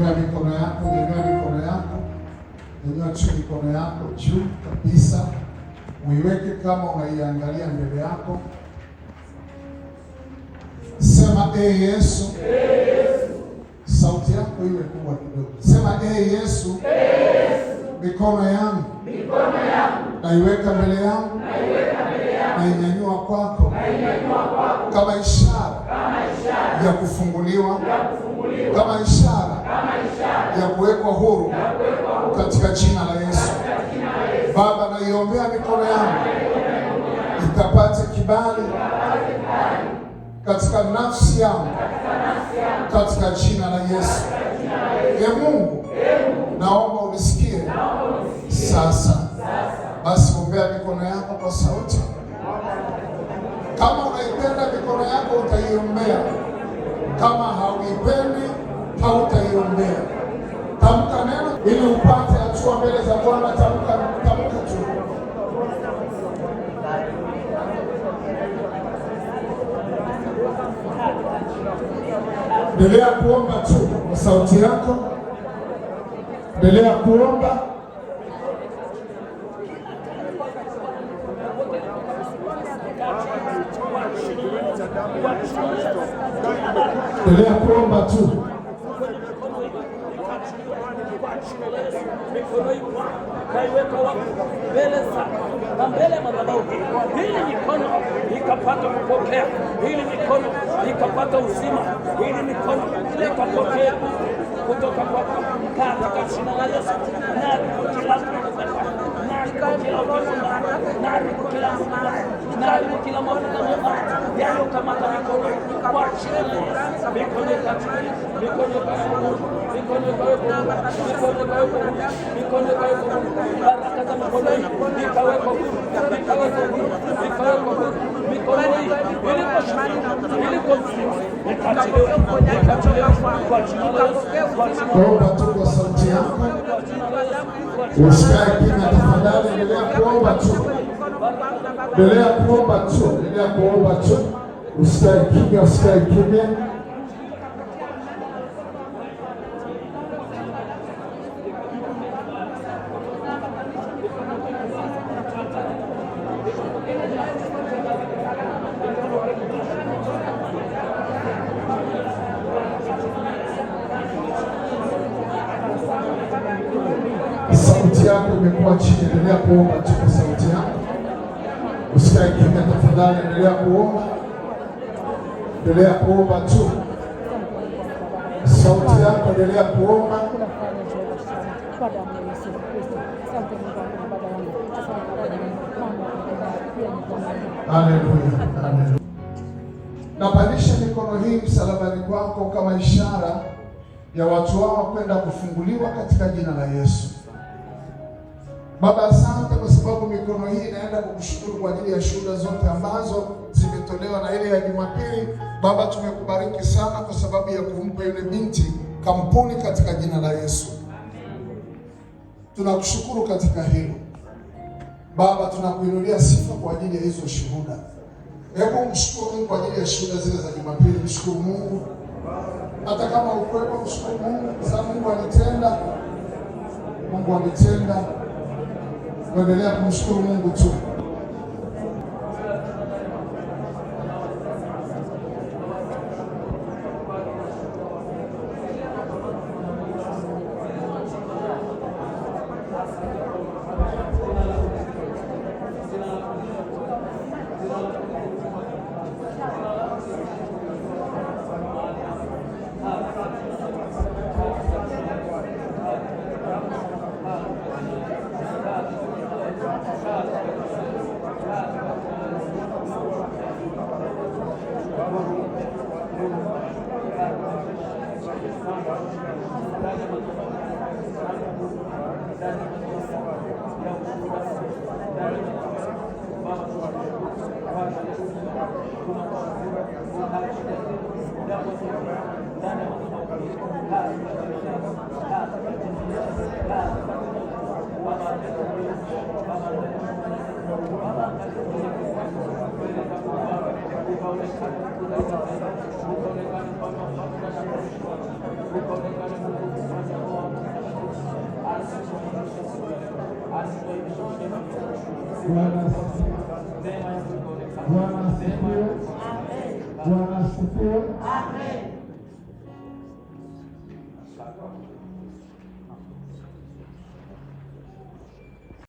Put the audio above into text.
Nyanyua mikono yako, nyanyua mikono yako, nyanyua chini mikono yako juu kabisa, uiweke kama unaiangalia mbele yako. Sema e ee hey, Yesu, Hey, Yesu, sauti yako iwe kubwa kidogo. Sema e ee hey, Yesu, hey, Yesu, mikono yangu naiweka mbele yangu, nainyanyua kwako kama ishara ya kufunguliwa, kama ishara ya kuwekwa huru katika jina la Yesu. Baba, naiombea mikono yangu ikapate kibali katika nafsi yangu katika jina la Yesu. Ya e Mungu, naomba unisikie sasa. Basi ombea mikono yako kwa sauti. Kama unaipenda mikono yako, utaiombea. Kama hauipendi, hautaiombea ili upate hatua mbele za Bwana. Tamka, tamka tu. Endelea kuomba tu kwa sauti yako, endelea kuomba endelea kuomba tu tunaleta mikono hii Bwana, naiweka wapi? Mbele zako na mbele ya madhabahu hii, ili mikono ikapata kupokea, hili mikono ikapata uzima, hili mikono ikapokea kutoka kwako katika jina la Yesu na kila na kila kila mwanadamu yaliyokamata mikono wachele mikono ikachini mikono ikawekwa mikono ikawekwa mikono ikawekwa mikono ikawekwa baraka za mikononi ikawekwa ikawekwa ikawekwa mikononi iliposhika ilipozima ikachelewa ikachelewa kwa jina la Yesu kwa jina la Yesu chukua sauti yako usikae kimya tafadhali endelea kuomba tu Endelea kuomba tu, endelea kuomba tu, usikae kimya, usikae kimya. Sauti yako imekuwa chini, endelea kuomba tu kwa sauti yako. Usikaikime tafadhali, endelea kuomba, endelea kuomba tu, sauti yako, endelea kuomba. Haleluya, haleluya. Napandisha mikono hii msalabani kwako kama ishara ya watu wao kwenda kufunguliwa katika jina la Yesu. Baba, asante kwa sababu mikono hii inaenda kukushukuru kwa ajili ya shuhuda zote ambazo zimetolewa na ile ya Jumapili. Baba, tumekubariki sana kwa sababu ya kumpa yule binti kampuni katika jina la Yesu. Tunakushukuru katika hilo Baba, tunakuinulia sifa kwa ajili ya hizo shuhuda. Hebu mshukuru Mungu kwa ajili ya shuhuda zile za Jumapili. Mshukuru Mungu hata kama ukwepo, mshukuru Mungu kwa sababu Mungu alitenda, Mungu alitenda tunaendelea kumshukuru Mungu tu. Bu konuda Bwana asifiwe. Bwana asifiwe. Amen.